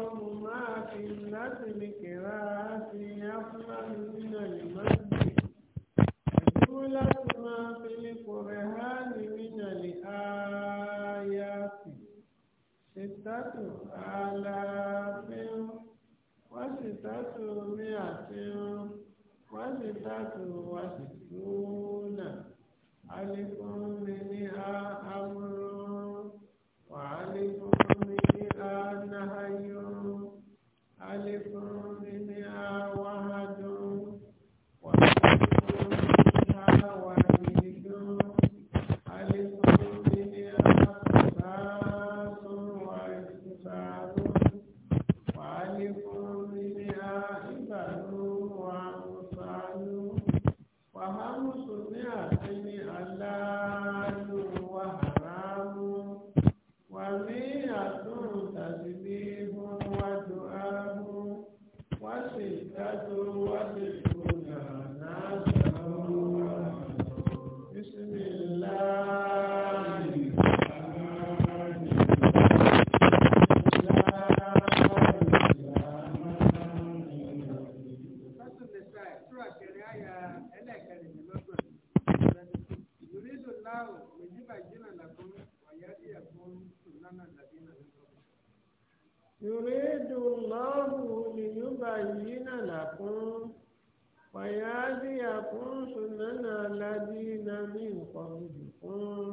يعلم ما في النسل قراءة يفهم من المسجد جملة ما في القرآن من الآيات ستة آلاف وستة مئة وستة وستون ألف ní nǹkan oṣù fún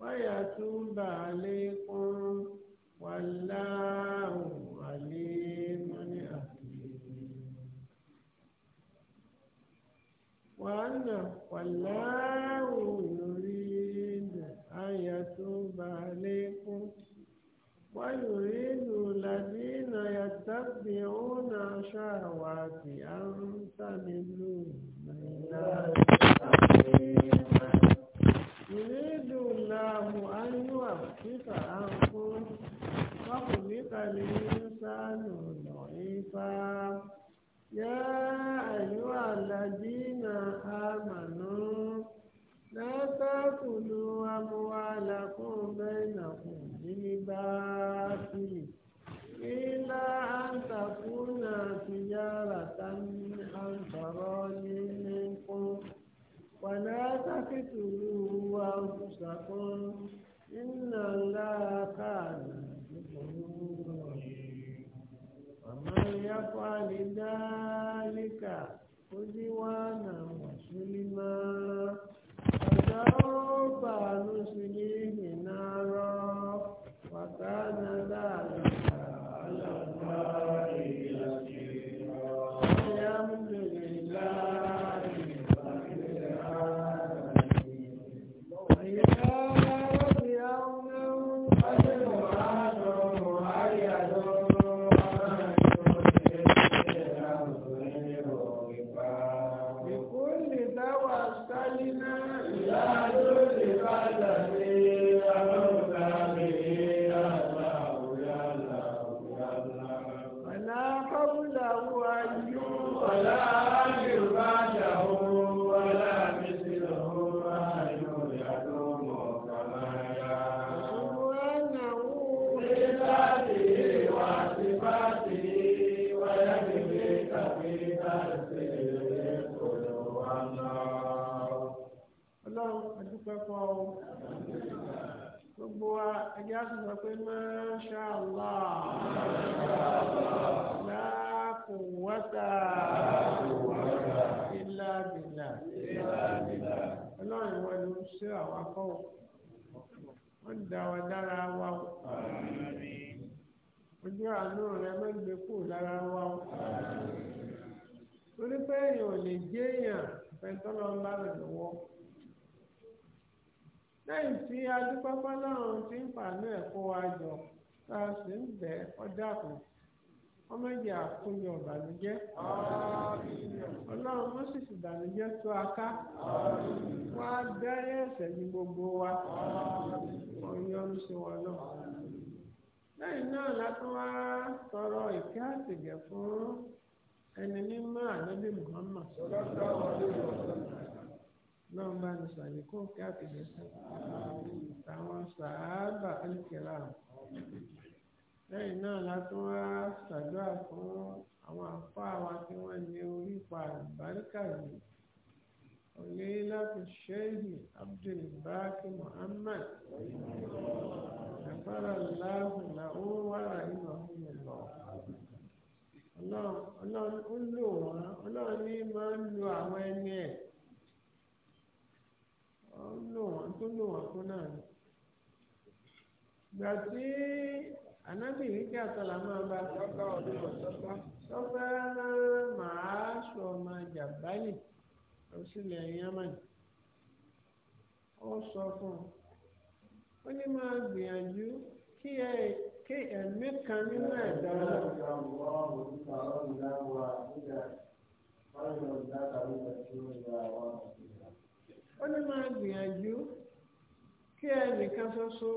wáyà tún bà á lékún wàláhùn àlékún ní àfihàn. wàhánà wàláhùn lórí àyà tún bà á lékún. ويريد الذين يتبعون شهوات أن تميلوا ميلا بالباطل إلا أن تكون تجارة عن تراض منكم ولا تقتلوا أنفسكم إن الله كان ومن يفعل ذلك عدوانا وسلما sọ pé máṣá àlá láàkùn wáta ìlà bìlà ọlọ́run wọn ló ń ṣe àwọn akọ́wọ̀ wọ́n dá wa dára wa o ojú àánú rẹ má kù lára wa o torí pé èèyàn ò lè jẹ́ èèyàn fẹ́ ńlá rẹ̀ lọ́wọ́. lẹ́yìn tí adúpẹ́ fọlọ́run ti ń pàánù ẹ̀kọ́ wa jọ tá a sì ń bẹ̀ ọjà kan ọmọ ìjì àkójọ ìbànújẹ́ ọlọ́run wọ́n sì sì ìbànújẹ́ tó wá gbogbo wa ọyọ́rú sí wọn náà lẹ́yìn náà látún wá tọrọ àtìgẹ̀ fún ẹni mímọ́ Muhammad. lọ́run bá ní sàlékò káàkiri àwọn sàábà alìkẹ́lá lẹ́yìn náà la tún wá ṣàdúrà fún àwọn àpá wa tí wọ́n ní orí ipa àlùbáríkà yìí olèlàfù ṣẹ́yìn abdulbaki muhammad àgbára láàbù làwọn wàrà ìmọ̀ ọ̀hún lọ ọlọ́run ló wọ́n ọlọ́run ní máa ń lo àwọn ẹni ẹ̀ ó lò wọ́n tó lò wọ́n tó náà ni. ìgbà tí ànábì ìríkẹ́ àtàlà máa bá tọ́ka ọ̀dọ́ tọ́ka tọ́ka máa sọ ọmọ jàbálì òsìlẹ̀ yamani ó sọ fún un ó ní máa gbìyànjú kí ẹ kí ẹ̀mí kan nínú ẹ̀dá ọlọ́run ó ní máa gbìyànjú kí ẹnìkan ṣoṣo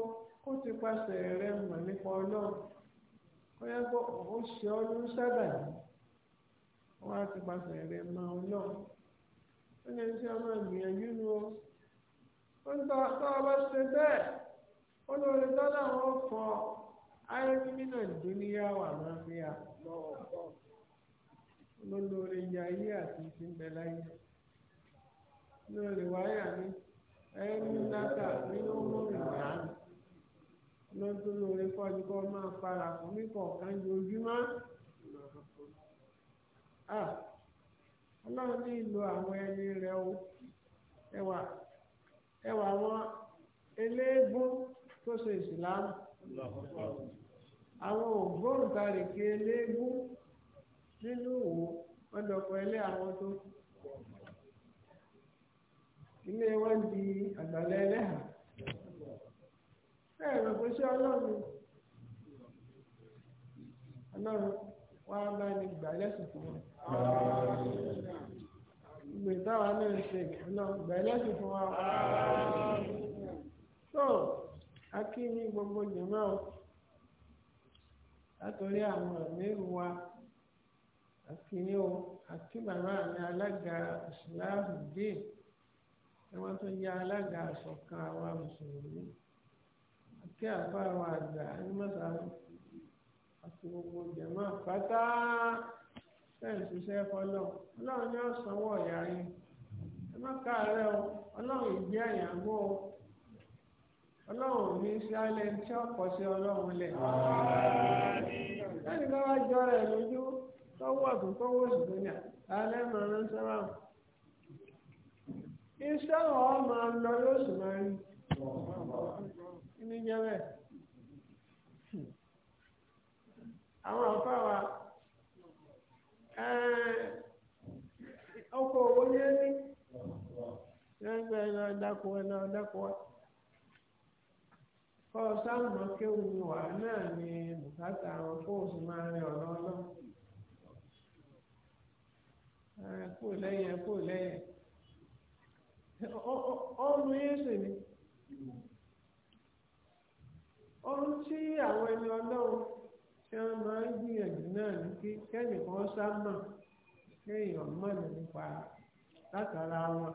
kó ti pàṣẹ rẹ mọ̀ nípa ọlọ́run kó yẹ kó ó ṣe ọ́ ní sábà yìí wọ́n á ti pàṣẹ rẹ mọ̀ ọlọ́run ó ní ṣe ọmọ gbìyànjú nu o ó ń tọ́ ọ bá ṣe bẹ́ẹ̀ ó lórí dọ́là wọn fọ ayélujára nínú ìdúnyàwó àmọ́ fi hàn lọ́wọ́ lọ́wọ́ lórí ayé àti ìsìnbẹ̀ láyé. nínú rìwáyà ah, ní ẹni dáta nínú mọ́rin ìdáná lọ́dún para ìlò àwọn ẹni rẹ̀ o ẹwà ẹwà àwọn eléégún tó ṣe ìsìlámù àwọn ògbóǹtarìkì nínú òwò ọdọ̀pọ̀ ẹlẹ́ àwọn tó ilé wa ń di àgbàlẹ̀ ẹlẹ́hà bẹ́ẹ̀ rẹ̀ pé ṣé ọlọ́run ọlọ́run wá bá ní gbàlẹ́ sùkú wọn ìgbè táwa náà ń ṣe ọlọ́run gbàlẹ́ sùkú wọn tó akí ní gbogbo jẹ̀mọ́ látọ̀rí àwọn ọ̀mẹ́rù wa àti ní o àti bàbá mi alága ìsìláàmù díẹ̀. ẹ wọ́n tún ya alága àṣọ̀kan àwa mùsùlùmí àti àfa àwa àgbà ẹnìmọ́ta àti gbogbo jẹ̀mọ́ pátá fẹ́ẹ̀ ṣiṣẹ́ fọlọ́ ọlọ́run ní ọ̀sánwó yín ẹ má o ọlọ́run ìgbé àyàngbó o ọlọ́run ò ní sí alẹ́ tí sí ọlọ́run lẹ̀. lẹ́yìn bá wá jọra ẹ̀ lójú tọ́wọ́ ọ̀tún tọ́wọ́ òsì tó ní mọ̀ ọ́n iṣẹ́ wọn máa ń lọ yóò máa rí wa ọkọ̀ owó ní ẹni lẹ́gbẹ̀ẹ́ ẹ̀ lọ́ọ́ dákọ̀ kọ́ sáàmù kéwù wà náà ni bùkátà àwọn fóòsù máa ọ̀nà kó lẹ́yìn ọrùn yéésù ni tí àwọn ẹni ọlọ́run tí wọ́n máa ń gbìyànjú náà ni kí kẹ́nìkan kéèyàn nípa látara wọn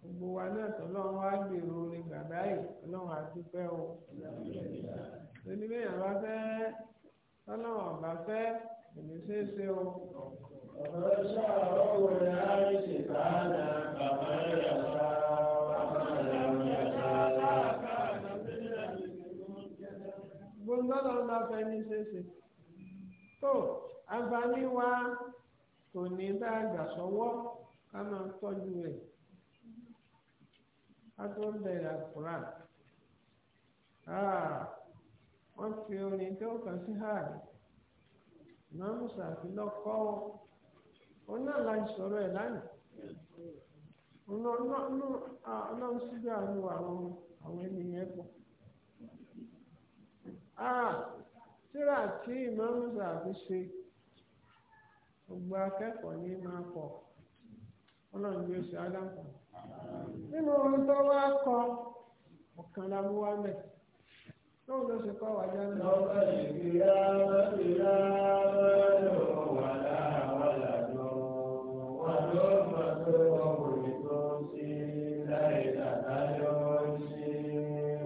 gbogbo wa náà tọ́lọ́run wá gbèrò orin yìí ọlọ́run àdúpẹ́ o onímọ̀ ìyàwó tọ́lọ́run fẹ́. èmi ṣe é ṣe o. ọ̀rọ̀ ṣàrọ̀ wò ni a lè ṣe káàdà bàbá rẹ̀ bá bàbá rẹ̀ bá bàbá rẹ̀. gbogbo ọlọ́run bá fẹ́ ní ṣe é ṣe. tó àǹfààní wa kò ní bá a gbà sọ́wọ́ ká máa tọ́jú rẹ̀ ká tó bẹ̀rẹ̀ àkùrà ah, wọ́n fi orin tó kàn sí ààrẹ. ìmáàmù sàfi lọ́kọ́ ọ òun náà la ìṣòro ẹ̀ lánàá ọlọ́run a àánú àwọn àwọn ènìyàn pọ̀ síra tí ìmáàmù sàfi ṣe ọgbà akẹ́kọ̀ọ́ ní máa kọ̀ ọlọ́run yóò ṣe adáǹkọ̀ nínú ohun tó wá kọ ọ̀kan báwo ló ṣe kọ́ wájà náà. lọ́pọ̀ ìgbéyà ìgbéyà lọ́wọ́ wà láwà làjọ wà lọ́wọ́ tó ọkùnrin tó ṣe láì làdájọ́ ṣe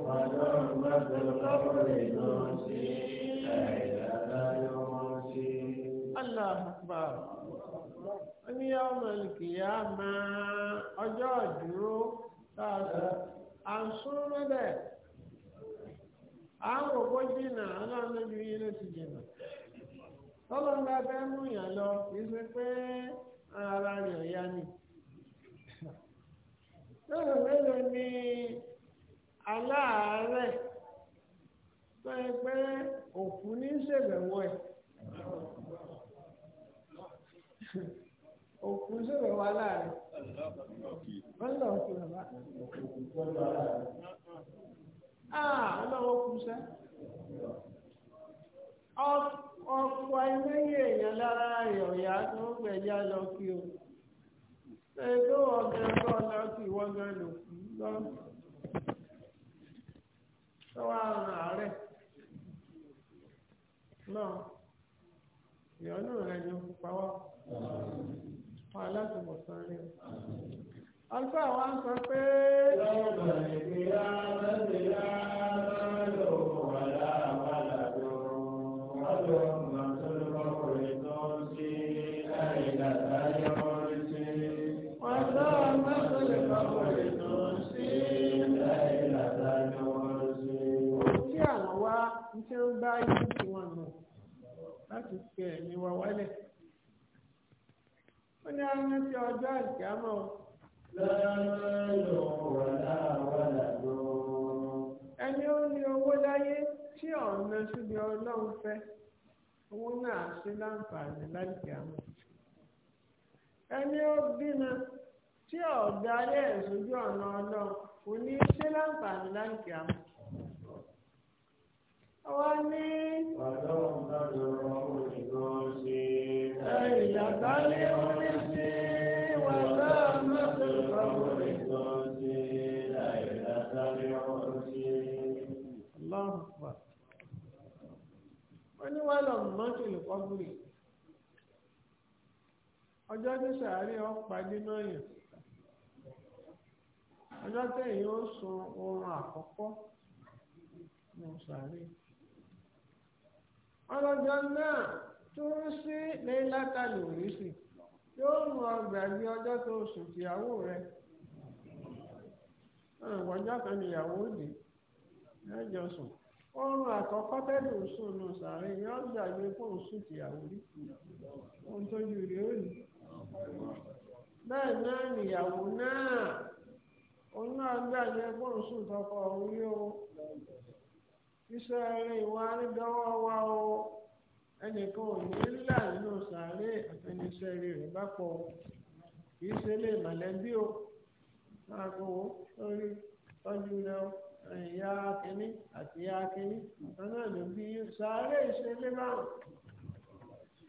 wà lọ́wọ́ tó ọkùnrin tó ṣe láì làdájọ́ ṣe. Allahu Akbar ó ọmọ ìkìyà máa ọjọ́ ìdúró tá a sọ à ń sún mọ́bẹ̀ àwọn òkò jìnnà ọlọ́run lójú yín ló ti jìnnà ọlọ́run bá fẹ́ mú yàn lọ kì í ṣe pé ara rẹ̀ ò yá ni. lóòrò mélòó ni aláàárẹ̀ tó yẹ pé òkú ní ṣèbẹ̀wọ̀ ẹ̀ òkú ṣèbẹ̀wọ̀ aláàárẹ̀ wọ́n lọ sí ọ̀la ọlọ́wọ́ kù sẹ́ ọ̀pọ̀ ẹlẹ́yìn èèyàn lára ìyọ̀yà tó ń gbẹ̀já lọ kí o ẹgbẹ́ ọ̀gá ẹgbẹ́ ọ̀gá kí wọ́n gan lò kú lọ tọ́wọ́ àrùn àárẹ̀ náà ìyọ́nù rẹ̀ ni ó pupa wá wà láti bọ̀ sáré. ọ̀sán wa ń sọ pé. lọ́wọ́ bẹ̀rẹ̀ ìgbéyàwó. láǹfààní láìpẹ́ àwọn ẹni ó bímọ tí ọ̀gá ayé ìṣojú ọ̀nà ọlọ́run kò ní í ṣe láǹfààní láìpẹ́ àwọn. Ọwọ́ ní. Ọlọ́run bá lọ́rọ̀ òṣìṣẹ́ ṣe. Ẹ̀yà bá lé orí sí wàhálà mọ́tò lọ́wọ́ ìgbọ́n ṣe. Ẹ̀yà bá lé ọ̀rọ̀ ṣe. Ọlọ́run pa. Wọ́n ní wàhálà mọ́tò lọ́wọ́ ìgbọ́n ṣe. ọjọ́ tí sàárè ọ̀pàdé náà ọjọ́ tẹ̀yìn ó sun oorun àkọ́kọ́ ní sàárè ọlọ́jọ́ náà tó ń sí lẹ́yìn látàlù yóò mú ọgbà bí ọjọ́ tó sùn tìyàwó rẹ̀ ọjọ́ kan níyàwó òde lẹ́jọ́ sùn oorun àkọ́kọ́ tẹ́lẹ̀ yóò gbàgbé fóun sùn tìyàwó rí ohun bẹ́ẹ̀ náà nìyàwó náà òun náà gbàgbé bóun sùn tọkọ òun yóò iṣẹ́ rẹ̀ ìwà àrídọ́wọ́ wa o ẹnìkan ò ní là nínú sàárè àtẹnisẹ́ rẹ̀ bá pọ̀ o kì í ṣe lè mọ̀lẹ́bí o máa kó o lórí tọ́jú rẹ o ìyá akínní àti ìyá akínní wọn ló bí sàárè ìṣẹ́lẹ̀ báwọn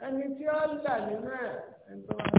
ẹni tí ó là nínú ẹ̀ ẹni tó wà.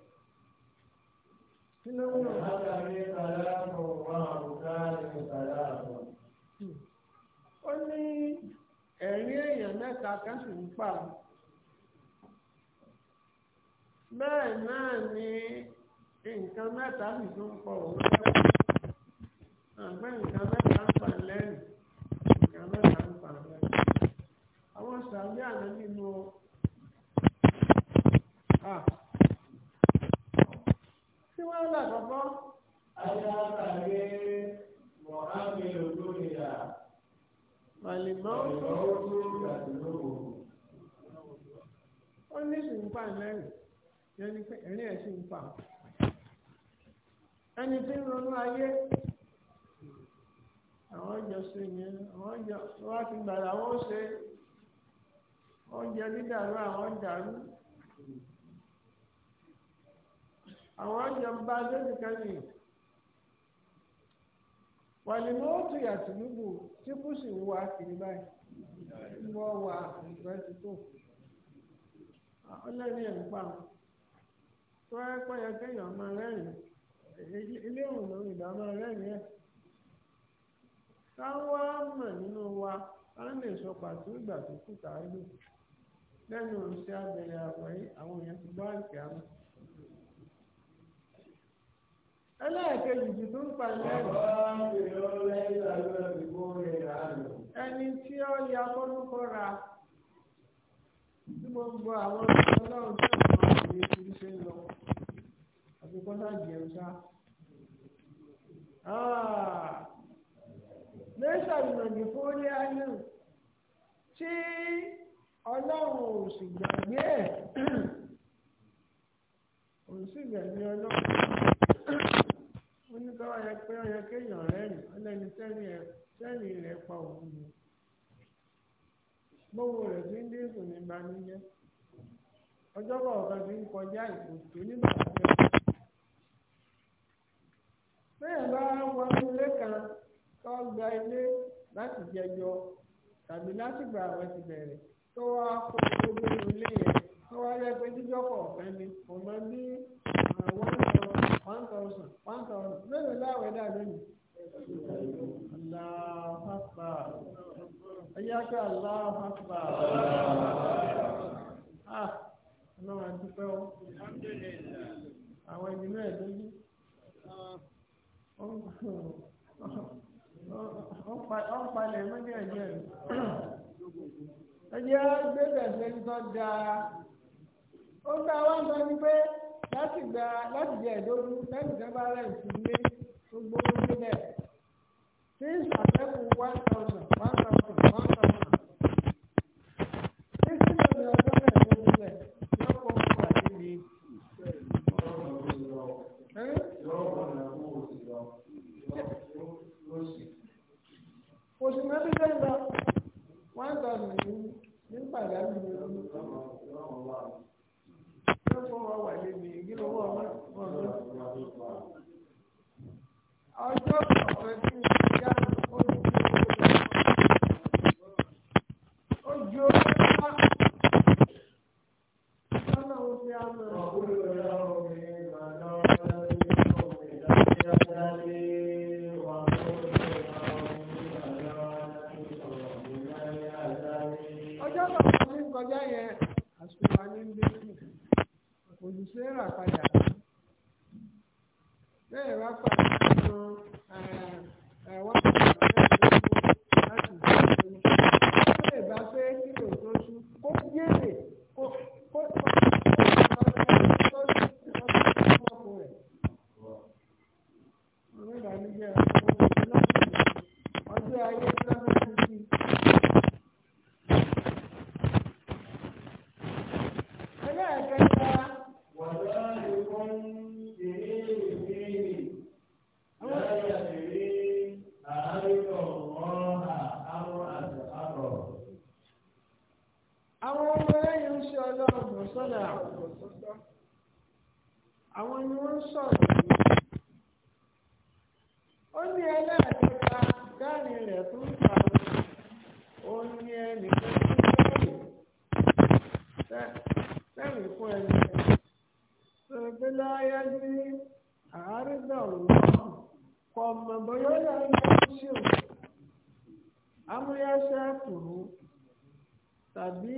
Tinubu ọ̀gá mi kàlámù wọn àbùká mi kàlámù. Ó ní ẹ̀rí èèyàn mẹ́ta kan ń pa. Bẹ́ẹ̀ náà ni nǹkan mẹ́ta sì tún ń pọ̀ òun lọ́wọ́. Àgbẹ̀ nǹkan mẹ́ta ń pa lẹ́yìn. Nǹkan mẹ́ta ń pa lẹ́yìn. Àwọn sàbí àná nínú. Ah tí wọ́n là kọ́kọ́. ayáàtàgé mohammed olóyè à. màlìmọ́ òkú gàdúró. ó ní sùn pa mẹ́rin yẹn pé ẹ̀rín ẹ̀ sì ń pa. ẹni tí ń ronú ayé àwọn jọ sí yẹn àwọn jọ wọn ti gbàdá wọn ṣe oúnjẹ dídàrú àwọn dàrú. àwọn ìjàmbá lẹ́nìkan ni wàlímọ́tò yàtìlúbù tí sì wà kiri báyìí wọ́ wà ìgbà tí tó ọlẹ́rìí ẹ̀ ń pa tó ẹ pẹ́yẹ kéèyàn ilé ìdá ẹ̀ táwa mọ̀ nínú wa a lè sọ pàtó ìgbà tó kù tàá lò lẹ́nu òṣìṣẹ́ abẹ́rẹ́ àwọn èèyàn ti bá ìpè àmọ́. ẹlẹ́ẹ̀kejì ti tún pàdé ẹni tí ó ya kọ́lùkọ́ ra tí gbogbo àwọn ọlọ́run tó ń bá ìwé ti ṣe ń lọ àti kọ́lá jẹun ah! lẹ́sà ìrìnàjò fún ayé tí ọlọ́run ò sì gbàgbé ẹ̀ ò sì gbàgbé ọlọ́run ó ní ká wáyé pé ó yẹ kéèyàn rẹ́rìn ọlẹ́ni sẹ́rìn rẹ̀ pa òun ni gbogbo rẹ̀ ti ń dínkù ní ìbànújẹ́ ọjọ́ kọ̀ọ̀kan ti ń kọjá ìkòtò nígbàdúrà bẹ́ẹ̀ bá wọnú ilé kan tó gba ilé láti jẹjọ tàbí látìgbà àwọn ti bẹ̀rẹ̀ tó wá kó gbogbo ilé yẹn tó wá yẹ pé jíjọ́ kọ̀ọ̀kan ni kò mọ bí àwọn one thousand one thousand mélòó láwẹ̀ dà lónìí. Allahu Akbar ẹ̀yà pé Allahu Akbar. Ah, Ọlọ́run àdúpẹ́ o. Àwọn ẹni náà lójú. Ó palẹ̀ mọ́jọ́ ẹ̀jẹ̀ rẹ̀. Ẹ̀jẹ̀ gbé bẹ̀rẹ̀ tó dáa. Ó gbà wá ń sọ ni pé láti gba láti jẹ ìdógún lẹ́yìn tí wọ́n bá rẹ̀ sí ilé gbogbo níbẹ̀ tí ìṣàtẹ́kù one thousand one thousand. àwọn ni wọ́n ń sọ̀rọ̀ yìí ó ní ẹlẹ́ẹ̀kẹta dáàrin rẹ̀ tó ń ta ó ní ẹnìkan tó ń sẹ́yìn fún ẹni tó ń láyé ní àárídọ̀ òun kọ mọ̀ bóyá ó yẹ kó sí òun amúyáṣẹ́ kùrú tàbí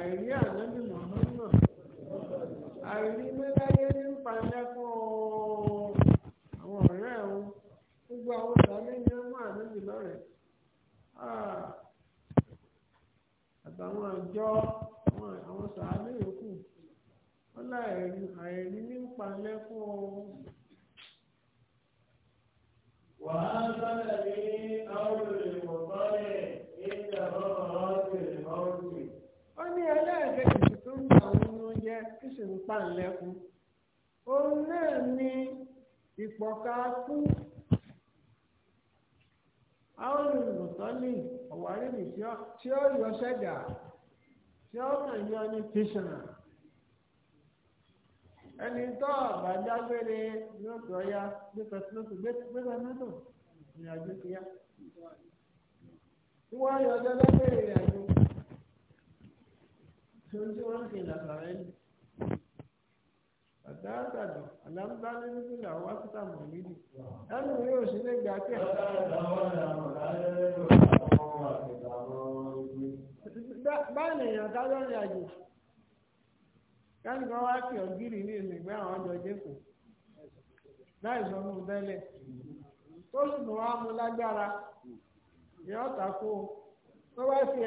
àìrí ànábì mọ̀hánà àìrí mẹ́láyé ní palẹ́kọ̀ àwọn ọ̀rẹ́ ẹ̀hún gbogbo àwọn ìdálé ní ọmọ ànábì lọ́rẹ̀ àtàwọn àjọ àwọn sàálé yòókù wọn láìrí ní palẹ́kọ̀ ọ̀hún. وهذا الذي أولي sì ń pàǹlẹ́kùn òun náà ni ìpọ̀ka kú àwọn olùmọ̀sánlì ọ̀wárìrì tí ó yọ ṣẹ́gà tí ó kàn yọ ní tíṣàn ẹni tó àbájágbére yóò tó ya gbé pẹ̀sìmọ́tò gbé pẹ̀sìmọ́tò ìrìnàjò ti yá tí wọ́n yọ ọjọ́ lọ́gbẹ̀rẹ̀ ìrìnàjò tí ó ń tí wọ́n ń ṣe ìlàkàrẹ́ yìí. àdáadájú àdáadájú níbi là wá sí tàmù ẹnu yóò sí lè gbà tẹ. báyìí èèyàn ní àjò wá ọ̀gírì ní àwọn ọjọ́ láì sọ fún tó sì mú mú lágbára ìyá ọ̀tà kó tó bá fi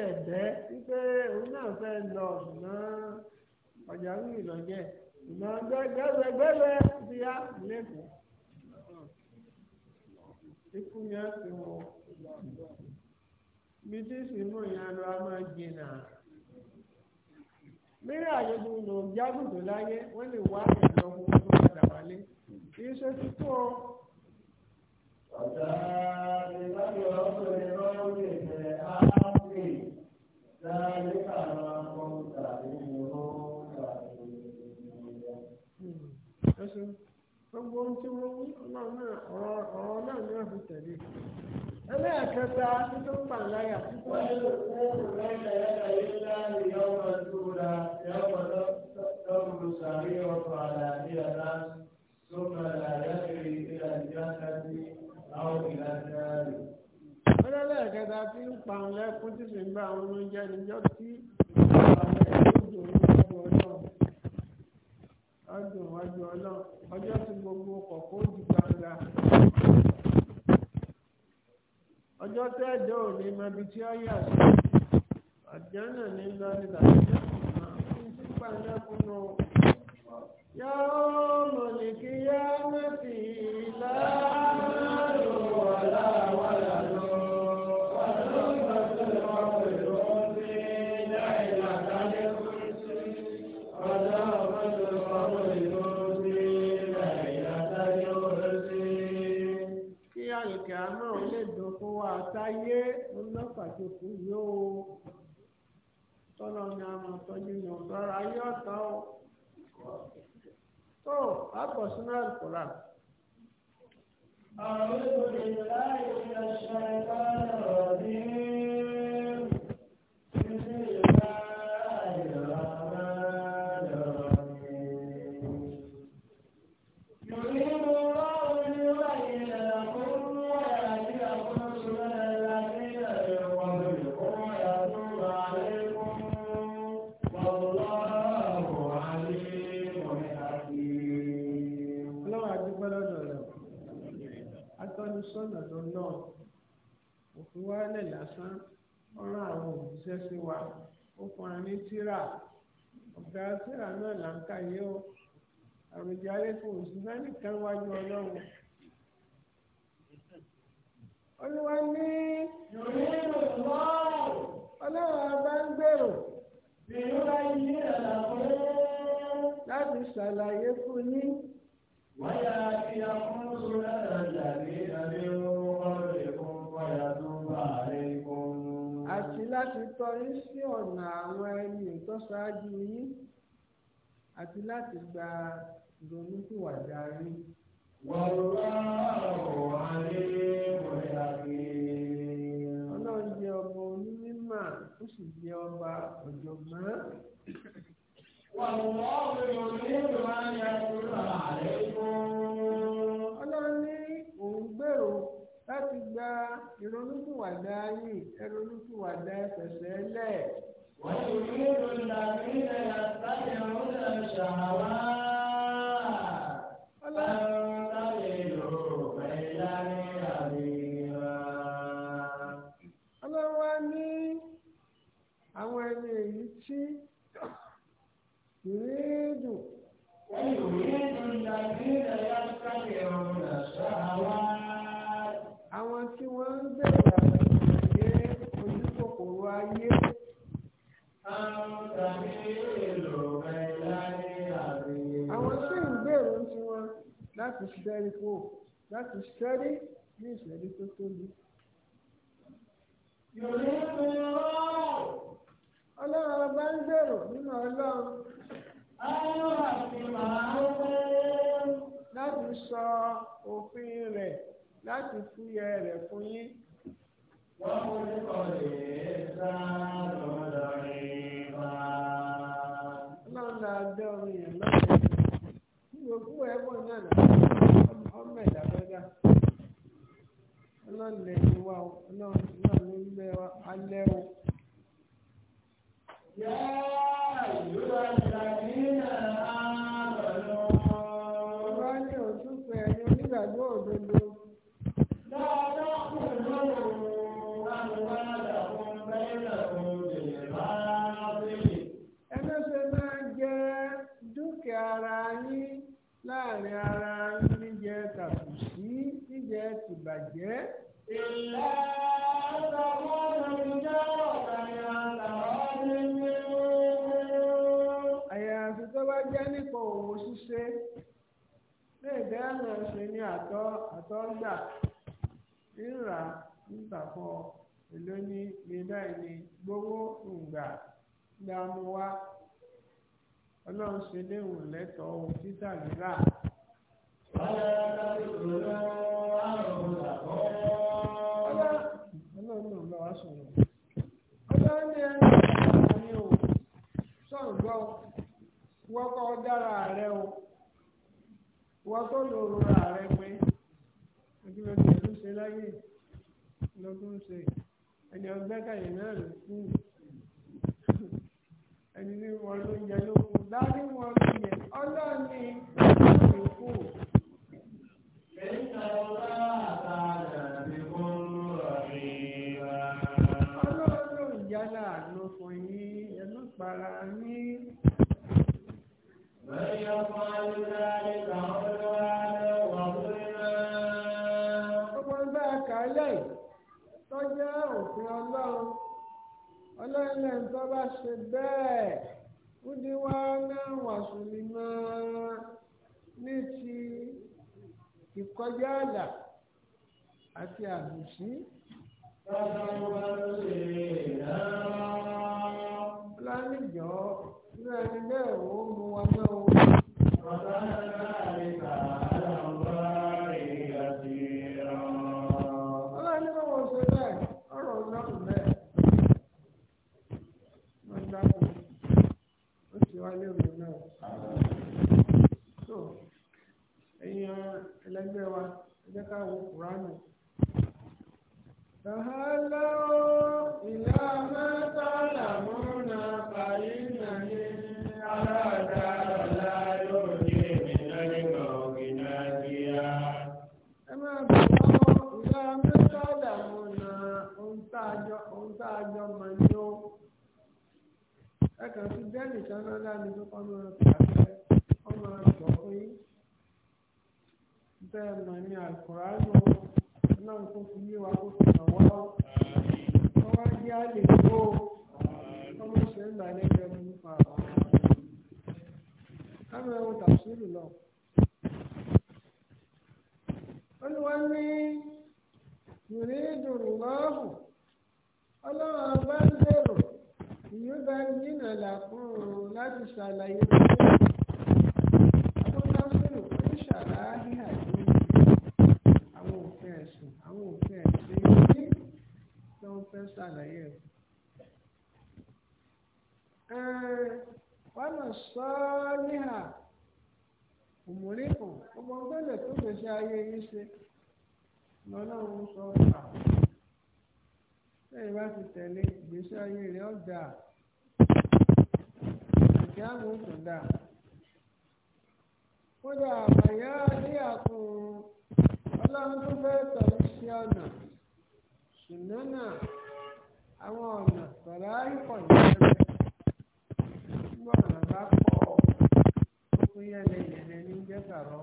wípé òun náà fẹ́ lọ ṣùgbọ́n. pàjáwìrì lọ́jẹ́ ìmọ̀ gbẹ́gbẹ́gbẹ́gbẹ́ ti yá lẹ́kọ̀ọ́ ikú ni a ti mọ bí tí sì mú ìyẹn lọ a máa jìnnà mẹ́rin àyẹ̀dùn ló jágùn tó láyé wọ́n lè wá ẹ̀rọ ọkùnrin tó padà wálé kì í ṣe títọ́ ọ̀tá ìlànà ọkùnrin lọ́wọ́ lè fẹ́ ááfíì láàrín àwọn ọmọ tàbí ìwọ́n. ẹ̀sìn gbogbo ohun tí wọ́n wí ọlọ́run náà ọ̀rọ̀ náà ní àfi tẹ̀lé. ẹlẹ́ẹ̀kẹta títún pàǹláyà títún wọ́n lè kó lẹ́yìn ẹ̀yà yìí láàrin yọ̀ọ́ ọ̀dúnra yọ̀ọ́ lọ́wọ́ sàrí ọkọ̀ àlàyé ọ̀la sọ́kà àlàyé kiri ìlà ìjákàtì àwọn ìlànà rẹ̀. ẹlẹ́ẹ̀kẹta tí ń pa àwọn tí sì ń bá àwọn oúnjẹ níjọ́ tí àwọn ẹ̀kọ́ ọdún iwájú ọlọ́run ọjọ́ tí gbogbo kọ̀ọ̀kọ́ di gbangba ọjọ́ tẹ́ẹ̀dọ́ ò ní mọbi tí ó yà sí ọjọ́ náà ní lọ ní tàbí gbàgbé fún un. yàrá mọ̀lẹ́kì yàrá mẹ́tì láàárọ̀ wàlá wàlá lọ. wàlá wàlá lọ pẹ̀lú ọ̀sẹ̀ láìláta lẹ́kọ̀ọ́ àmọ́ ò lè dùn fún wa àtàyé ńlọ́pàá kù yóò tọ́lọ́ ni a máa tọ́jú ní ọ̀gbọ́n ayé ọ̀tá o. tó àpọ̀ sínú àlùkùrà. àwọn olùdíje láàyè ìṣẹ̀lẹ̀ kan lọ́rọ̀ bíi. fi wálẹ̀ lásán ó rán àwọn òjíṣẹ́ sí wa ó fún wa ní tírà ọ̀gá tírà náà là ń kàyé o àròjàre kò sí sẹ́ni kan wájú ọlọ́run. olúwa ní ọlọ́run bá ń gbèrò láti ṣàlàyé fún yín. wáyà kí a fún sórí àdàlẹ́ àlẹ́ o. láti tọ́ yín sí ọ̀nà àwọn ẹni tó ṣáájú yín àti láti gba ìrònúkúwàdà yín. wàlúwà ọ̀rọ̀ alẹ́ ìmọ̀lẹ́ àgbẹ̀. ọlọ́run jẹ́ ọba onímọ̀ ó sì jẹ́ ọba ọ̀jọ̀gbọ́n. wàlúwà ọ̀rọ̀ onímọ̀ máa ń yẹ kúrò ọlọ́run ní òun gbèrò láti gba ìrònúkúwàdà yìí ẹrònúkúwàdà ẹfẹsẹ lẹ. wọ́n ti rí ìròyìn àbí ilẹ̀ àtàkì ọ̀rọ̀ ṣàwá. ọlọ́wọ́ ní àwọn ẹni èyí tí ìrídùn. láti ṣẹ́rí fún ò láti ṣẹ́rí ní ìṣẹ́rí tó tóbi. ọlọ́run ọba ń gbèrò nínú ọlọ́run. ayọ̀ àti màá ń fẹ́. láti sọ òfin rẹ̀ láti fúyẹ́ rẹ̀ fún yín. wọ́n mú ní kọ́lé sáà. náà lẹ́yìn wa o náà náà ló ń bẹ wa alẹ́ o. yá ìlú àgbà ní àárọ̀ lọ. ọ̀rọ̀ ajé òtún fẹ́ ẹni onígbàgbọ́ òdodo. àtọ́ àtọ́ gbà rírà ní nígbà ìní gbowó ǹgbà dààmú wa ọlọ́run ṣe lẹ́tọ̀ọ́ ohun títà rírà. ọlọ́run wá sọ̀rọ̀ ọlọ́run ní ẹni ni o sọ̀rọ̀ gbọ́ dára rẹ o rẹ o. tí mo tẹ̀ ń ṣe láyé lọ́dún ṣe ẹni ọgbẹ́kẹ̀yìn náà ló kú ẹni ní wọn ló yẹ ló kú láti wọn ló yẹ ọlọ́ọ̀ni ló kú. èyí ta ọlá àtàlẹ̀ àti kọ́ńtù àríwá. ọlọ́ọ̀lẹ́ tó bá ṣe bẹ́ẹ̀ wúdi wá náà wàásù ni máa ní ti ìkọjá àlà àti àbùsí. Láníjọ́, irú bẹ́ẹ̀ ò mú wa náà ọmọ tààfẹ́ ọmọ tọ̀kún tẹ́ mọ̀ ní àkùránì ṣàlàyé àwọn lásìrò pé ṣàlàyé àti àwọn òfin ẹ̀sìn àwọn òfin ẹ̀sìn ní ló ń fẹ́ ṣàlàyé rẹ̀. wọ́nà sọ́ọ́líhà òmùrìkùn ọmọ ọgbẹ́lẹ̀ tó fèsì ayé yìí ṣe lọ́lọ́run sọ ọ́ fà. bẹ́ẹ̀ bá ti tẹ̀lé ìgbésí ayé rẹ̀ ọ̀dà. ìsìláàmù tó dáa kódà àbàyá adéyàkùn ọlọ́run tó fẹ́ tọ̀lé sí ọ̀nà tọrọ àwọn ọ̀nà tọ̀lá ìkọ̀ ìjọba nígbà ọ̀nà bá pọ̀ ókú yẹlẹyẹlẹ ní jẹ́sàrọ̀ tọrọ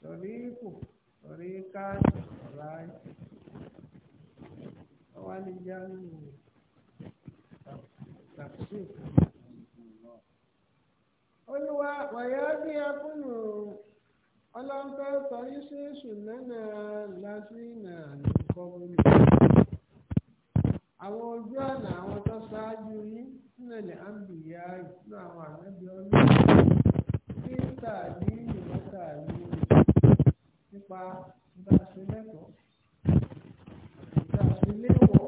torí tọrọ torí káàdì tọ̀lá tàbí olúwa wàyà bí akúnnù ọlọ́pẹ́ sọrí sí ṣùnánà lásìnà nìkọ́ bọ́lú àwọn ojú ọ̀nà àwọn tó ṣáájú yín nílẹ̀ àmbìyá ìṣúná àwọn ànábì ọlọ́run tí ń tà ní ìwọ́ta ní nípa bá a ṣe lẹ́kọ̀ọ́ bá a ṣe léwọ̀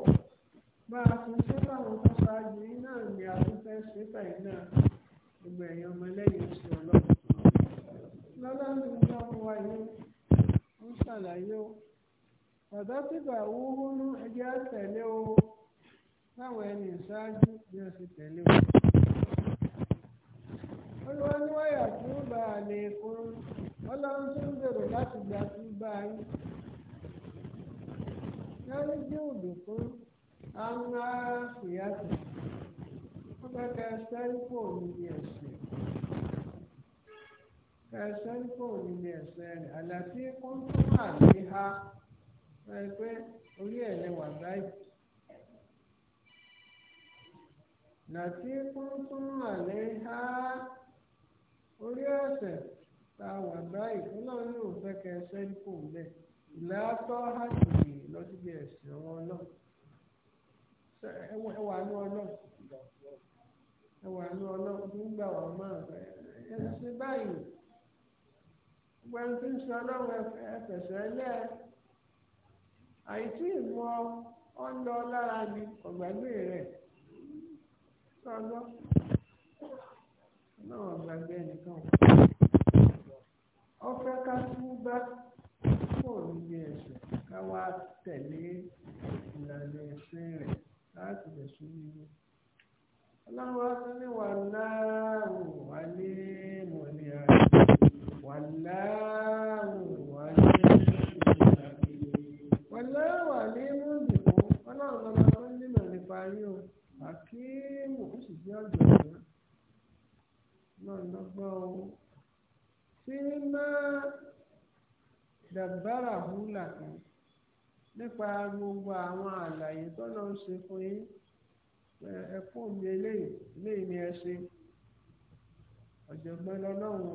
bá a ṣe ṣẹ́ báwọn ṣe báyìí náà gbogbo ẹ̀yin ọmọlẹ́yìn oṣù ọlọ́run lọ́lọ́run ní ọkọ̀ wa ń ṣàlàyé o ọ̀dọ́ ẹjẹ́ tẹ̀lé o láwọn ẹni ìṣáájú bí wọ́n ṣe tẹ̀lé o. ní wáyà tí bá a lè pé kẹ ẹ sẹ́rí kúrò níbi ẹ̀ṣẹ̀ kẹ ẹ sẹ́rí kúrò níbi ẹ̀ṣẹ̀ rẹ̀ àlàtí kọ́ńtọ́mà ní ha ẹ pé orí ẹ̀ lẹ́wà báyìí. nàtí kọ́ńtọ́mà ní a ẹwà ní ọlọ́run tó ń gbà wá máa ẹ ṣe báyìí gbogbo ẹni tó ń ṣe ọlọ́run ẹfẹ̀sẹ̀ lẹ́ àìtí ìmọ̀ ọ ń lọ lára ni ọ̀gbàgbé rẹ̀ sọ́gbọ́ náà ọ̀gbàgbé ẹnìkan ọ fẹ́ ká tún bá kò níbi ẹ̀sẹ̀ ká wá tẹ̀lé ìlànà ẹ̀sìn rẹ̀ láti lè sún nínú ọlọ́run á tún ní wàláhù wálé mọ̀lẹ́ àti wàláhù wálé wàláhù wálé mọ̀lẹ́ ọlọ́run lọ́la tó ń dínà nípa ayé o àkíyèmọ̀ ó sì jẹ́ ọ̀jọ̀gbọ́n náà lọ́gbọ́n o tí máa dàbára hùlà kan nípa gbogbo àwọn àlàyé tó lọ ń ṣe fún yín. ẹ fún mi eléyìí eléyìí ni ẹ ṣe ọ̀jọ̀gbọ́n lọ́lọ́run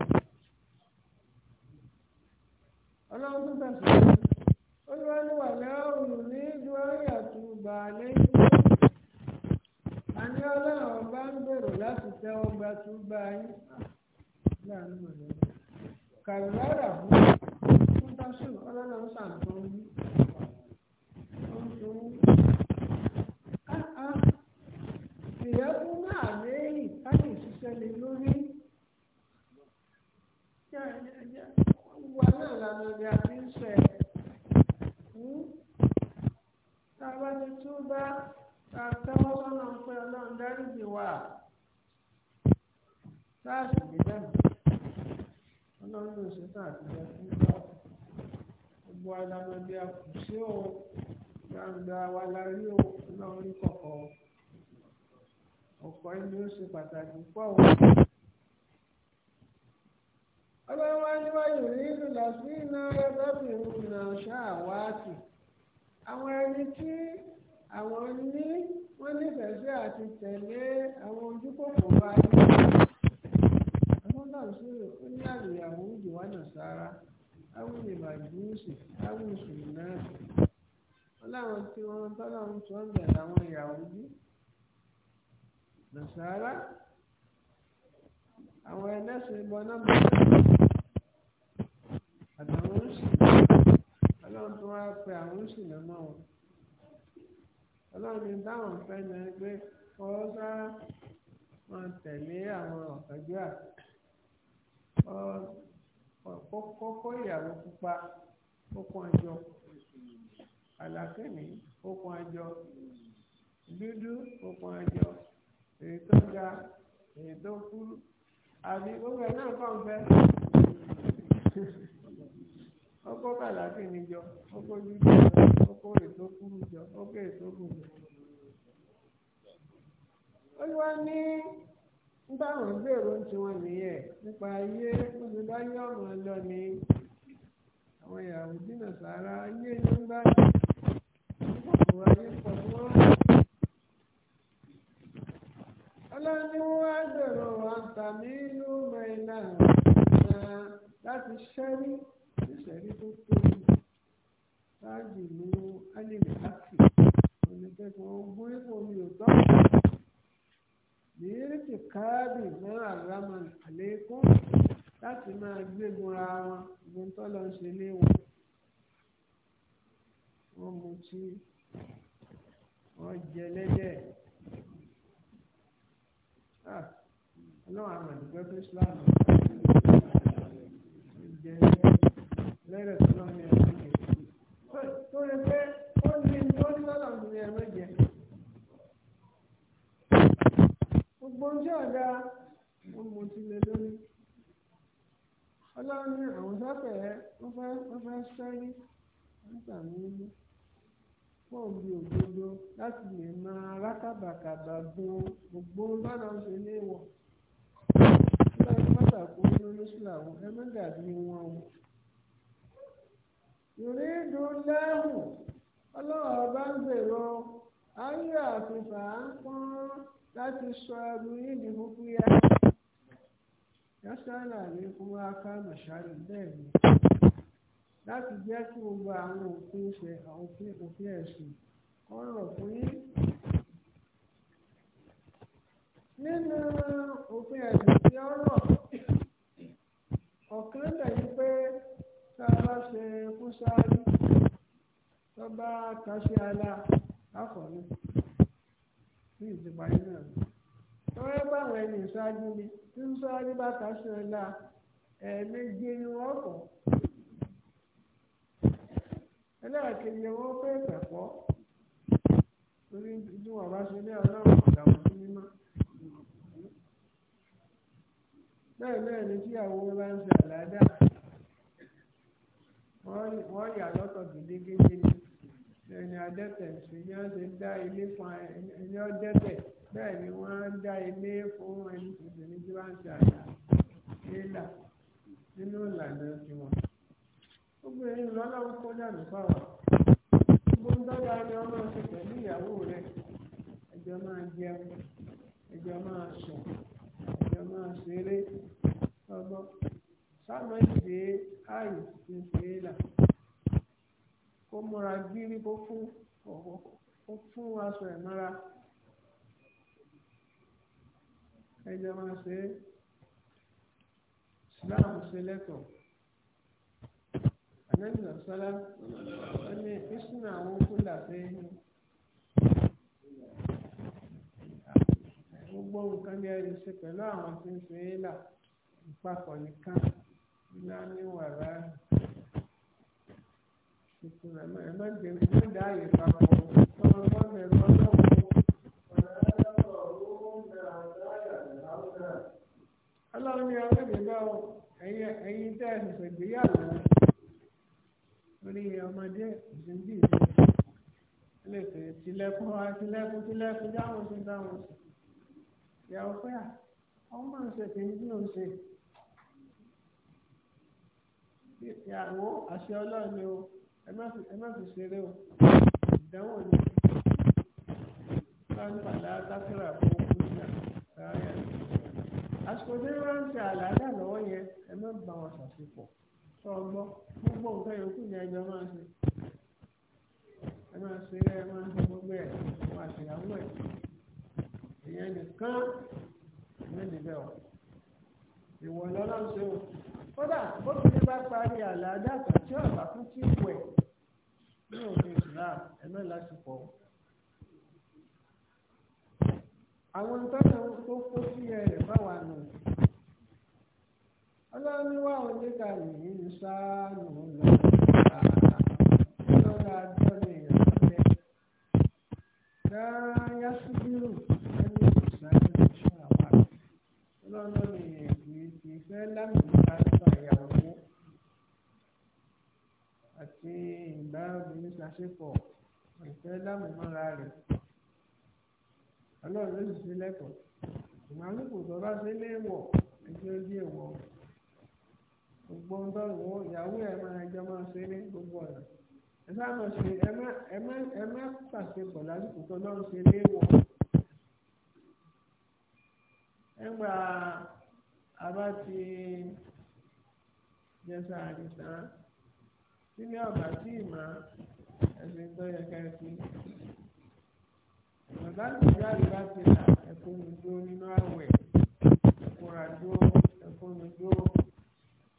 ọlọ́run tó bẹ̀sẹ̀ olúwaníwà lẹ́rùn ní àtúgbà lẹ́yìn àní ọlọ́run bá ń láti tẹ́ ọgbà yín kàrìlára fún ọlọ́run ń bí ó ń tó ń bí. ìyẹ́kú náà léyìn láti ṣiṣẹ́ lè lórí wa náà lànà ni a fi ń sọ ẹ̀ hmm? tá a bá ti tún bá ta tẹ́wọ́ sọ́nà ọlọ́run wà ọlọ́run ló ṣe ti jẹ ọ̀pọ̀ ilé ó ṣe pàtàkì pọ̀ wọ́n. ọlọ́run wá níwájú nínú làbí iná lọ́bì ìrìnà ṣáàwáàtì àwọn ẹni tí àwọn ní wọ́n nífẹ̀ẹ́ sí àti tẹ̀lé àwọn ojú kòkòrò bá yí. àwọn náà sí ó ní àlùyàwó ìdìwánà sára àwọn ìbàjúùsì àwọn ìṣùnà ọlọ́run tí wọ́n tọ́lọ́run tó ń bẹ̀ láwọn ìyàwó yìí nàṣàrà àwọn ẹlẹ́sìn ìbọn náà mọ̀ àtàwọn oṣù ọlọ́run tó wá pe àwọn oṣù náà mọ́ wọn ọlọ́run ní táwọn fẹ́ ní ẹni pé kọ́ sá máa tẹ̀lé àwọn ọ̀kẹ́jọ́ à kókó ìyàwó pupa kókó àjọ àlàkẹ́ni kókó àjọ dúdú kókó àjọ. èyí tó ga èyí tó kúrú àbí gbogbo ẹ̀ náà kàn fẹ́ ọkọ kàlàkì níjọ ọkọ jújọ ọkọ ètò kúrú jọ ọkọ ètò jọ. olúwa ní báwọn gbèrò nìyẹn nípa ayé olùdáyé ọmọ àwọn ìyàwó dínà ayé ń ọlọ́ni wọ́n á gbèrò àǹtàmí ìlú mẹ́ìnà láti ṣẹ́rí ìṣẹ́rí tó tóbi ṣáájú ìlú alìlẹ̀ láti oníkẹ́kọ̀ọ́ ogún ipò mi ò tọ́ ní ètò káàdì náà àrámà àlékún láti máa gbégunra wọn ìgbọ́n tó lọ ṣe léwọ̀n wọ́n mutí wọ́n jẹ lẹ́dẹ̀ẹ́. Ah, ọlọ́run àwọn àdúgbò fún Islam jẹ́ lẹ́rẹ̀ tó lọ́ọ́ ní ẹ̀rọ jẹ tó lè pé ó ní ó ní lọ́dọ̀ ní ẹ̀rọ jẹ. gbogbo ojú ọ̀dà wọn mú ti lè lórí ọlọ́run ní àwọn sáfẹ̀ wọ́n fẹ́ sẹ́rí wọ́n gbà mí nílé fòǹbi òdodo láti lè máa rákàbàkàbà gun gbogbo bọ́lá ń ṣe léèwọ̀ láti má ṣàkóso lóṣùlàwọ̀ ẹ má dàbí wọn o. ìrìndò lẹ́hùn ọlọ́wọ́ bá ń gbèrò ayé àfìfà ń pọ́n láti sọ ẹrù yìí fúfúyà. yásálà ní kúmọ́ aká màṣálì bẹ́ẹ̀ ni láti jẹ́ kí gbogbo àwọn òfin òfin ẹ̀sìn ọ̀rọ̀ fún yín. nínú òfin ẹ̀sìn tí ó rọ̀ ọ̀kan tẹ̀lé pé tá a bá ṣe kú sáré tó bá taṣe ala lákọ̀ọ́lẹ̀ ní ìtìpáyé náà tọ́wọ́ báwọn ẹni ìṣáájú ni tí ń ṣáájú bá taṣe ala ẹ̀ẹ̀mejì ni wọ́n kọ̀ ẹlẹ́ẹ̀kejì ni wọ́n fẹ́ pẹ̀pọ́ torí bí wọ́n bá ṣe ní aláwọ̀ ìdààmú sí mímọ́ bẹ́ẹ̀ náà ni tí àwọn bá ń ṣe àlàáda wọ́n yà lọ́tọ̀ gidigidi ni ẹni adẹ́tẹ̀ sí ni wọ́n ṣe dá ilé fún ẹni ọdẹ́tẹ̀ bẹ́ẹ̀ ni wọ́n dá ilé fún ẹni tuntun ní tí wọ́n ń ṣe àlà nílà nínú ìlànà tiwọn gbogbo ẹ̀yìn lọ́lọ́run kó dànù fáwọn gbogbo ń dọ́gba ni ọmọ ṣe pẹ̀lú ìyàwó rẹ̀ ẹjọ́ máa jẹun ẹjọ́ máa sùn ẹjọ́ máa ṣeré ọgbọ́n sáwọn ìṣe ààyè ti ń ṣe é là kó múra gírí kó fún fún aṣọ ẹ̀ mọ́ra ẹjọ́ máa ṣe é Islam ṣe lẹ́tọ̀ọ́. Ànábì sọ́lá ó isi na àwọn kúlà gbogbo nǹkan bí ẹni ṣe pẹ̀lú àwọn tí ń ṣe é là ìpapọ̀ nìkan ńlá ní orí ọmọdé ìṣèǹdì ìṣèǹdì lè pè é tilẹ̀kùn wa tilẹ̀kùn tilẹ̀kùn dáhùn sí dáhùn sí ìyàwó pé à ọmọ máa ń ṣe kì í bí òun ṣe ìyàwó àṣẹ ọlọ́run ni o ẹ má fi ṣeré o ìdánwò ni wọ́n ń padà dákúrà fún oúnjẹ àárẹ̀ àsìkò tí wọ́n ń ṣe àlàáfíà lọ́wọ́ yẹn ẹ má bá wọn ṣàṣepọ̀ ọgbọ́ gbogbo nǹkan yòókù ni ẹjọ́ máa ṣe ẹ máa ṣe ẹ máa ṣe gbogbo ẹ máa ṣe ẹ ìyẹn nìkan ìyẹn níbẹ̀ ọ ìwọ lọ́lọ́ ṣe o kódà ó ti ní bá parí àlàáda kan tí ọ̀bà fún tí ìwọ̀ ẹ̀ ní òfin ìṣúná ẹ náà lásìkò àwọn tó kó sí ẹ rẹ̀ báwa nù ọlọ́run wà ó nígbà yìí ń sáánù lọ́wọ́ lọ́wọ́ àádọ́rin èèyàn lọ́lẹ́ dáyà síbírù ẹni ìsáré ti ṣe àwa ọlọ́run lè kì í ti fẹ́ lámì nípa ìyàwó àti ìgbà obìnrin ṣàṣepọ̀ ìfẹ́ lámì mọ́ra rẹ̀ ọlọ́run ló sì sílẹ̀kùn ìmọ̀ àlùkò tó bá ṣe léèwọ̀ ẹgbẹ́ ojú èèwọ̀ gbogbo ń bẹ̀rù wọn ìyàwó ẹ̀ máa jọ máa ṣe ní gbogbo ọ̀nà ẹ sáà máa ṣe ẹ má ẹ má ẹ má pàṣẹpọ̀ lásìkò tó náà ń ṣe léèwọ̀ nígbà àbá ti jẹsà àdìsán sílé ọ̀gá tí ìmọ̀ ẹ̀sìn tó yẹ ká ẹ̀sìn ọ̀gá tí ìyá rẹ̀ bá ti ra ẹ̀kọ́ mi dúró nínú àwẹ̀ ẹ̀kọ́ ra dúró ẹ̀kọ́ mi dúró.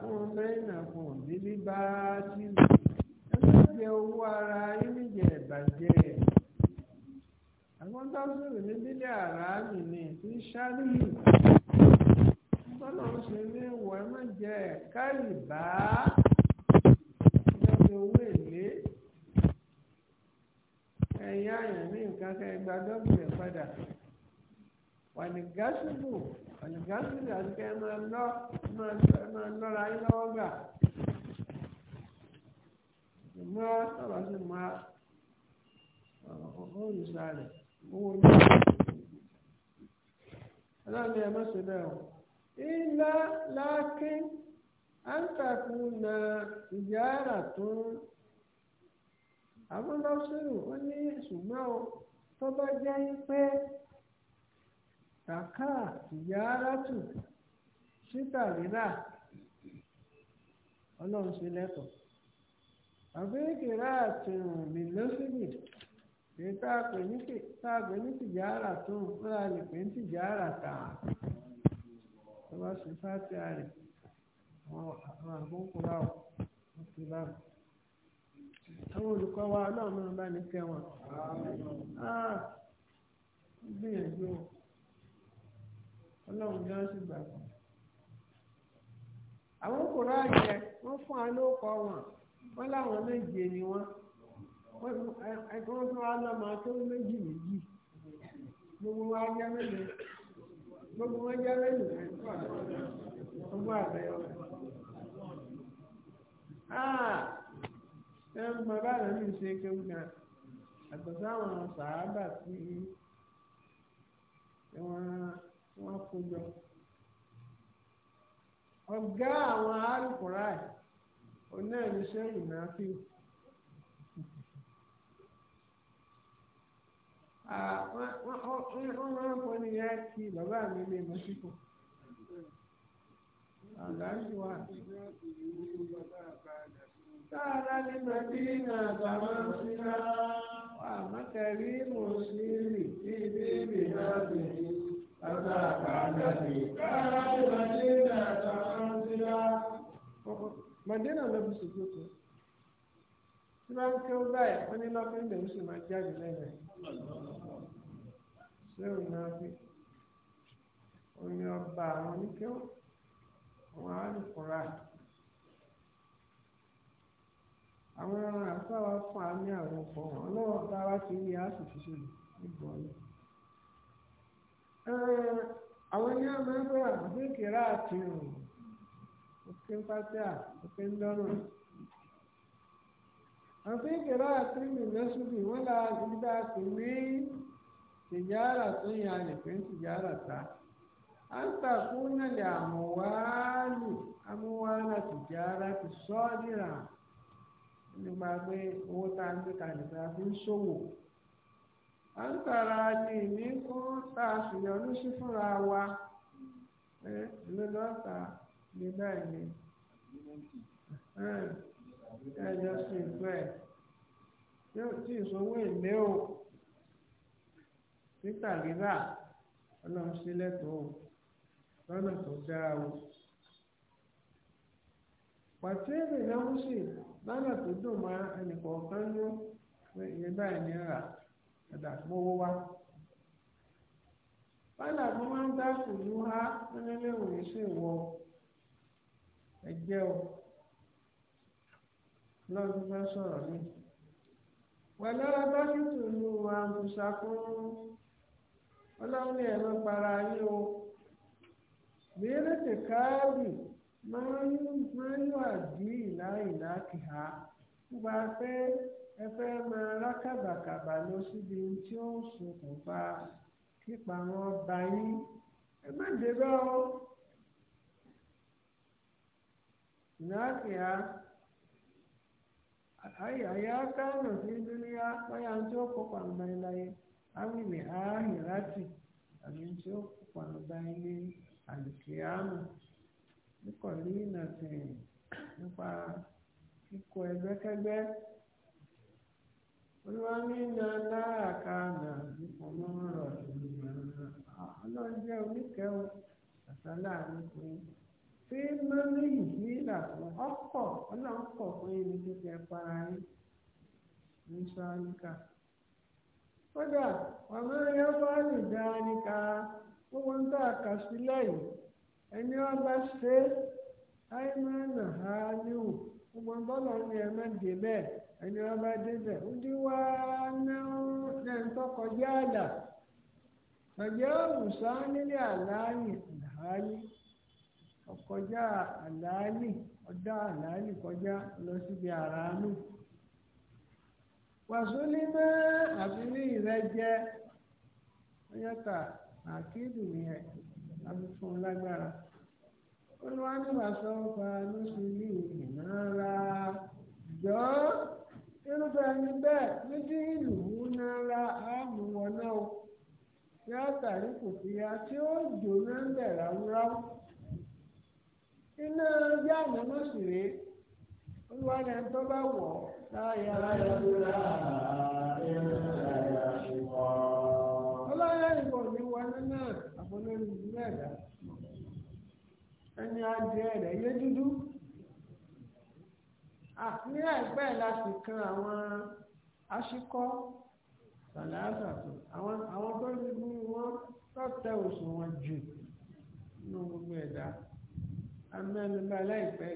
fún bẹ́ẹ̀nà fún bíbí bá sílù ẹ má jẹ owó ara yín níjẹ ìbàjẹ́ àgbọ̀ntàn sọ̀rọ̀ ní bílẹ̀ àràámì ni ti ṣáàlì tọ́lọ̀ ń ṣe ní ìwọ̀ ẹ má káyì bá ẹ owó èlé ẹ̀yìn àyàn ní nǹkan kẹ́ ẹ gba padà wà ní gásùbù àlùgáńsì àti kẹ́ máa lọ́ máa lọ́ra yín lọ́wọ́ gbà ìmọ̀ ọ̀rọ̀ sì máa ọ̀hún ìsà rẹ̀ owó ní ọlọ́run ẹ̀ mọ̀sẹ̀ bẹ́ẹ̀ o ilá lákín àǹtàkùn na ìyára tó ń àwọn lọ́sẹ̀rù ó ní ṣùgbọ́n tó bá jẹ́ pé. kàkà ìyá aráàtù síta rírà ọlọ́run sí lẹ́kọ̀ọ́ àbẹ́kẹ̀rẹ́ àti ìrìnbí lọ́sibì èyí tá pè ní tìjàrà tó ń fúnra lè pè ní tìjàrà tà tó bá sì fáti àrè àwọn àgbóǹkù bá wò ti bá wò. àwọn olùkọ́ wa náà bá ní kẹwọn. Ah, gbìyànjú o. ọlọ́run gan sì gbà fún un. àwọn kòrò àjẹ wọ́n fún wa lóko wọn wọ́n láwọn méje ni wọ́n wọ́n fún wa lọ́mọ tó méjì méjì gbogbo wa jẹ́ méje gbogbo wọn jẹ́ méje gbogbo àbẹ̀yọ. ẹ ah! ń gbọ́ báyìí ní ìṣe kéwù náà àgbẹ̀sáwọn sàábà tí wọ́n. wọ́n kó jọ ọ̀gá àwọn arúgbóra ẹ̀ oná ìṣe ìnáfíù wọ́n máa ń pọ́n nìyẹn kí bàbá mi lè mọ sípò àlàájú wa. Sáàlá ní Màdínà bàbá ń na wà mọ́tẹ̀rí mùsùlùmí ní ìbéèrè náà bẹ̀rẹ̀. Màdínà lọ bí ṣojú tó. Tí bá ń kéwú báyìí, wọ́n ní lọ́fíńdà ó sì máa jáde lẹ́nu ẹ̀. Ṣé òun náà fi? Òun ni ọba àwọn oníkéwú, àwọn alùpùpùra. Àwọn àfáwá fún àmì àwọn ọkọ̀ wọn. Ọlọ́wọ́ bá wá sí ilé àṣìṣe níbọ̀ ọ̀lẹ́. Eh, àwọn ní àmọ́ ẹgbẹ́ àti kìrá àti rùn òkè ń pátáà òkè ń dọ́rùn àti àti rùn lẹ́sùbì wọ́n la ìdá sí ní tìjára tó yàn án tìjára ta ti pé owó tá a ń gbé kalẹ̀ à ń tara ni ìní fún tá a sí fúnra wa ẹ ni ni jọ sí ìgbẹ́ tí ìsanwó èlé o títà rírà sí tó dáa o pàtí náà ń sìn tó dùn mọ́ ẹnìkọ̀ọ̀kan ló ìyẹn báyìí ní rà. ẹ̀dá mówó wá. báyìí àti wọ́n máa ń dá ìlú ha nílé ìwé sí ìwọ o fẹ́ sọ̀rọ̀ dókítà ìlú ọlọ́run para o máa ń ìlà ìlà ẹ máa rá kàbàkàbà lọ síbi tí ó ń ṣokùnfà pípa wọn bá yín ẹ má débẹ̀ o. ìnáàkìá àyà kánò sí dúníyà báyà ń tó kópa ń bá iláyé áwìlì áhìrátì àbí ń tó kópa ń bá ilé àlùkìyàmù níkọ̀lí ìnàtẹ̀ nípa kíkọ ẹgbẹ́kẹ́gbẹ́. oníwàmí náà náà ká náà ọmọ rọ ọlọ́run jẹ́ oníkẹ́wọ́ àtàlà ní pé ṣé mọ́mí yìí làwọn ọkọ̀ ọlọ́run pọ̀ fún yín ní kíkẹ́ para yín ní sọ́ọ́nìkà kódà ọmọ yẹn bá lè dá níka gbogbo ń tà kà sílẹ̀ yìí ẹni wọn bá ṣe é áìmọ́ náà á níwò gbogbo bọ́lá ni ẹ máa dé bẹ́ẹ̀ ẹni wọn bá dé bẹ́ẹ̀ ó dé wá náà ń tọ́ kọjá àlà kọjá òrùsá nílé àlàyé àlàyé ọkọjá àlàyé ọdá àlàyé kọjá lọ síbi àràánú wàsúlí mọ́ àbílí rẹ jẹ́ ọyọ́ta yẹn àbí lágbára olúwa ní wàásù ọ̀fà ló sì ní ìnára jọ irúfẹ́ ẹni bẹ́ẹ̀ méjì ìlú náírà áàmù wọn náà o yá tàrí kò fi ya tí ó jóná ń bẹ̀ ráúráú iná yá ànámọ́ sì rèé olúwa ẹni tó bá wọ̀ ọ́ láyà láyà lóra ẹ̀rọ ìwọ̀ ọlọ́yà ìbọn ní wọn náà àfọlọ́rin ìlú ẹ̀dá ẹni adìẹ rẹ̀ yé dúdú ní ẹgbẹ́ láti kan àwọn aṣíkọ́ sàlàásàtò àwọn tó ti bú wọn tọ́tẹ òṣùwọ̀n jù nínú gbogbo ẹ̀dá amẹ́nubá láìpẹ́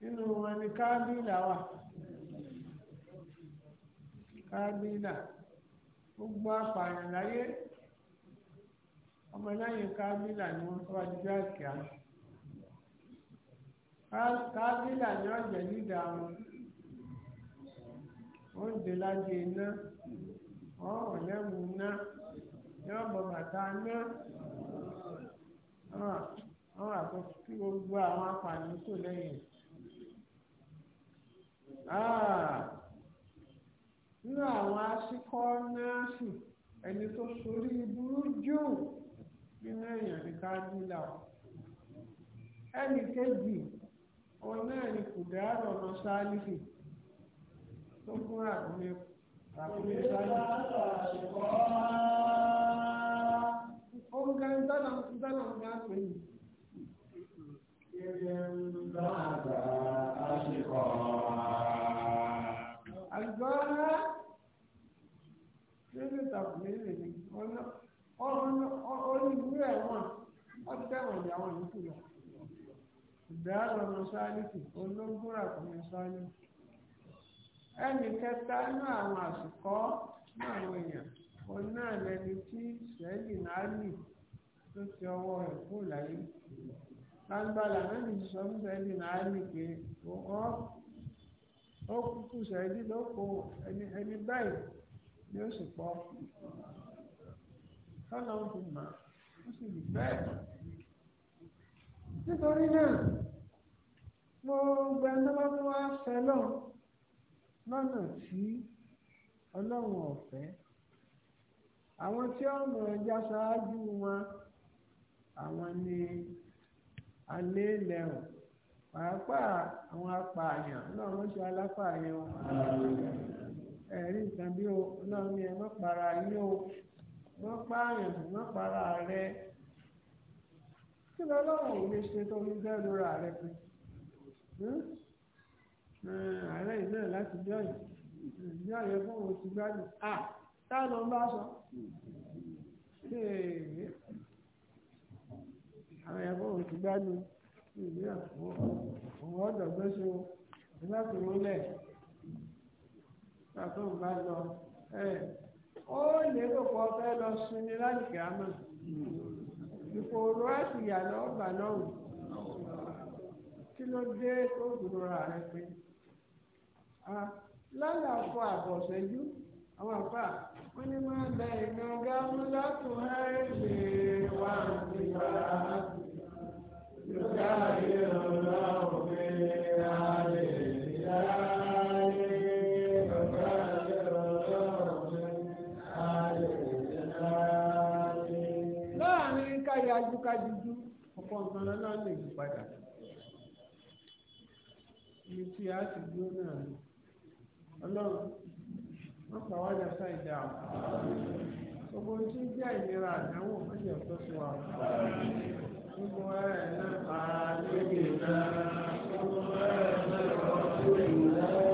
nínú wọn ni kábílà wà kábílà gbogbo apààyàn láyé ọmọ lẹ́yìn kábílà ni wọ́n sọ ọjọ́ àkíá kábílà ni ọ̀jẹ̀ nídà wọn wọ́n dé lájẹ iná wọ́n wọ̀ lẹ́mú iná yọ bọ̀ bàtà iná wọ́n wà kó kí gbogbo àwọn apààyàn tó lẹ́yìn. Ah! nínú àwọn aṣíkọ́ náà sì ẹni tó sorí burú jù nínú èèyàn ní káájú là ó ẹnì kejì òun náà ni kùdàárọ ọmọ sáálífì tó fún àgúnlé àgúnlé sáálífì. ó ń gan dáná dáná ń gan pè yìí. Àgbọ̀nrán ṣé ní tàbí lè ní ọlọ́pàá. ó ní ìwúrò ẹ̀wọ̀n ó ti tẹ̀wọ̀n ní àwọn ìlú lọ. ìdáàbò ọmọ sáálìtì olóńgbòrà kò ní sáálìtì. ẹnì kẹta nínú àwọn àsìkò nínú àwọn èèyàn lẹni tí náà tó ti ọwọ́ rẹ̀ kó láyé. lágbára náà ní sọ fún sẹ́ẹ̀lì náà lì pé ó kúkú sẹ́ẹ̀lì ló ẹni báyìí ni tọ́lọ́ ń fi mọ̀ ó sì lè fẹ́ ẹ̀. nítorí náà mo gbẹ lọ́wọ́ fún wa sẹ́lọ̀ lọ́nà tí ọlọ́run ọ̀fẹ́ àwọn tí ọ̀nà ẹja ṣáájú wọn àwọn ni alẹ́ lẹ́rùn pàápàá àwọn apààyàn náà wọ́n ṣe alápààyàn ẹ̀rí nǹkan bí o ni ẹ má para yín o wọ́n pààyàn wọ́n para rẹ̀ kí lọ́lọ́run ò lè ṣe tó ń bẹ́ẹ̀ lóra rẹ̀ pé hmm? eh, ààrẹ ìlú láti bí ọ̀yọ́ bí ọ̀yọ́ fún òun ti gbádùn à táwọn bá sọ àwọn ẹ̀fọ́ òun ti gbádùn ìlú òun ọ̀dọ̀ gbẹ́sọ ìlú àti múlẹ̀ pàtó ń lọ eh. O lérò pé ọ fẹ́ lọ sinmi láti kìámọ̀ ìfòòró àtìyà lọ́gbà lọ́rùn kí ló dé tó gbòòrò rẹ pé lọ́la ọkọ̀ àbọ̀sẹ́jú àwọn àpá wọn ní máa bẹ ìgbàngá mú látún ẹ̀rẹ́ wà nígbà yóò dá ayé ọ̀la òfin ká jíjú ọ̀pọ̀ nǹkan lọ́nà lè yí padà ibi tí a ti dúró náà ni ọlọ́run wọ́n pa wájà sáìdá o gbogbo ohun tí ń jẹ́ ìnira àdánwò wọ́n ọ̀tọ́ sí wa gbogbo ẹ̀ náà náà gbogbo ẹ̀ náà